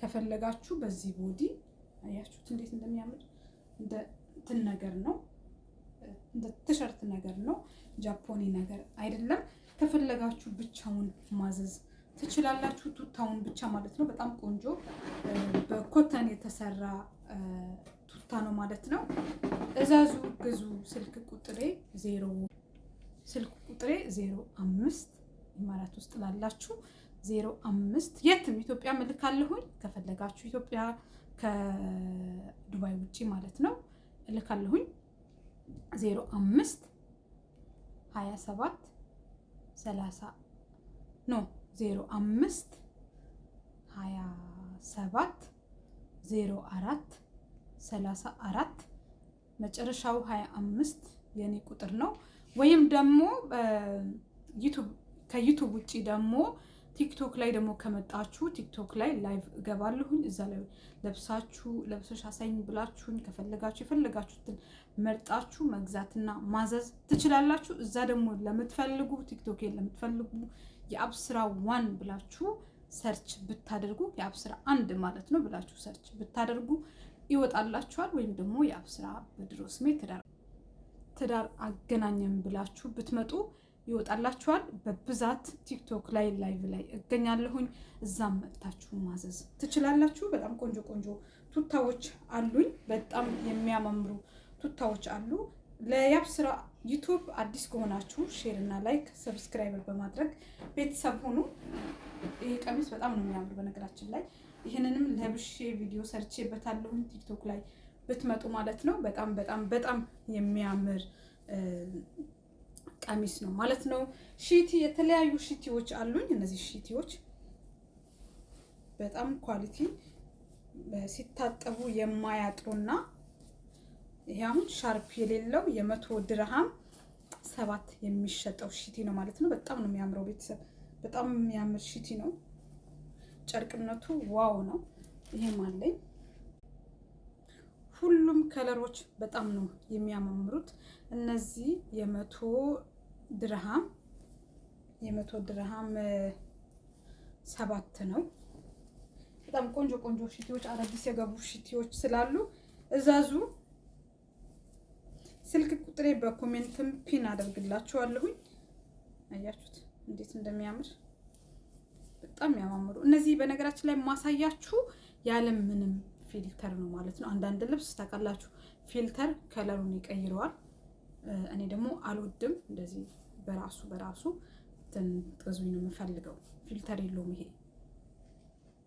ከፈለጋችሁ በዚህ ቦዲ አያችሁት እንዴት እንደሚያምር እንደ እንትን ነገር ነው፣ እንደ ቲሸርት ነገር ነው፣ ጃፖኒ ነገር አይደለም። ከፈለጋችሁ ብቻውን ማዘዝ ትችላላችሁ፣ ቱታውን ብቻ ማለት ነው። በጣም ቆንጆ በኮተን የተሰራ ቱታ ነው ማለት ነው። እዛዙ፣ ግዙ። ስልክ ቁጥሬ ዜሮ ስልክ ቁጥሬ ዜሮ አምስት ኢማራት ውስጥ ላላችሁ ዜሮ አምስት የትም ኢትዮጵያ እልካለሁኝ። ከፈለጋችሁ ኢትዮጵያ ከዱባይ ውጭ ማለት ነው እልካለሁኝ። ዜሮ አምስት ሀያ ሰባት ሰላሳ ኖ ዜሮ አምስት ሀያ ሰባት ዜሮ አራት ሰላሳ አራት መጨረሻው ሀያ አምስት የኔ ቁጥር ነው። ወይም ደግሞ ከዩቱብ ውጭ ደግሞ ቲክቶክ ላይ ደግሞ ከመጣችሁ ቲክቶክ ላይ ላይቭ እገባለሁኝ። እዛ ላይ ለብሳችሁ ለብሰሽ አሳይኝ ብላችሁኝ ከፈለጋችሁ የፈለጋችሁትን መርጣችሁ መግዛትና ማዘዝ ትችላላችሁ። እዛ ደግሞ ለምትፈልጉ ቲክቶክ ለምትፈልጉ የአብስራ ዋን ብላችሁ ሰርች ብታደርጉ የአብስራ አንድ ማለት ነው ብላችሁ ሰርች ብታደርጉ ይወጣላችኋል። ወይም ደግሞ የአብስራ በድሮ ስሜ ትዳር አገናኘን ብላችሁ ብትመጡ ይወጣላችኋል። በብዛት ቲክቶክ ላይ ላይቭ ላይ እገኛለሁኝ። እዛም መጥታችሁ ማዘዝ ትችላላችሁ። በጣም ቆንጆ ቆንጆ ቱታዎች አሉኝ። በጣም የሚያማምሩ ቱታዎች አሉ። ለያብ ስራ ዩቱብ አዲስ ከሆናችሁ ሼር እና ላይክ ሰብስክራይበር በማድረግ ቤተሰብ ሆኑ። ይሄ ቀሚስ በጣም ነው የሚያምር። በነገራችን ላይ ይህንንም ለብሼ ቪዲዮ ሰርቼበታለሁኝ ቲክቶክ ላይ ብትመጡ ማለት ነው። በጣም በጣም በጣም የሚያምር ቀሚስ ነው ማለት ነው። ሺቲ የተለያዩ ሺቲዎች አሉኝ። እነዚህ ሺቲዎች በጣም ኳሊቲ ሲታጠቡ የማያጥሩና ይሄ አሁን ሻርፕ የሌለው የመቶ ድርሃም ሰባት የሚሸጠው ሺቲ ነው ማለት ነው። በጣም ነው የሚያምረው ቤተሰብ፣ በጣም የሚያምር ሺቲ ነው። ጨርቅነቱ ዋው ነው። ይሄም አለኝ። ሁሉም ከለሮች በጣም ነው የሚያማምሩት። እነዚህ የመቶ ድርሃም የመቶ ድርሃም ሰባት ነው። በጣም ቆንጆ ቆንጆ ሽቲዎች አዳዲስ የገቡ ሽቲዎች ስላሉ እዛዙ። ስልክ ቁጥሬ በኮሜንትም ፒን አደርግላችኋለሁኝ። አያችሁት እንዴት እንደሚያምር በጣም ያማምሩ። እነዚህ በነገራችን ላይ ማሳያችሁ ያለ ምንም ፊልተር ነው ማለት ነው። አንዳንድ ልብስ ታውቃላችሁ ፊልተር ከለሩን ይቀይረዋል። እኔ ደግሞ አልወድም። እንደዚህ በራሱ በራሱ ትንጥዙኝ ነው የምፈልገው። ፊልተር የለውም ይሄ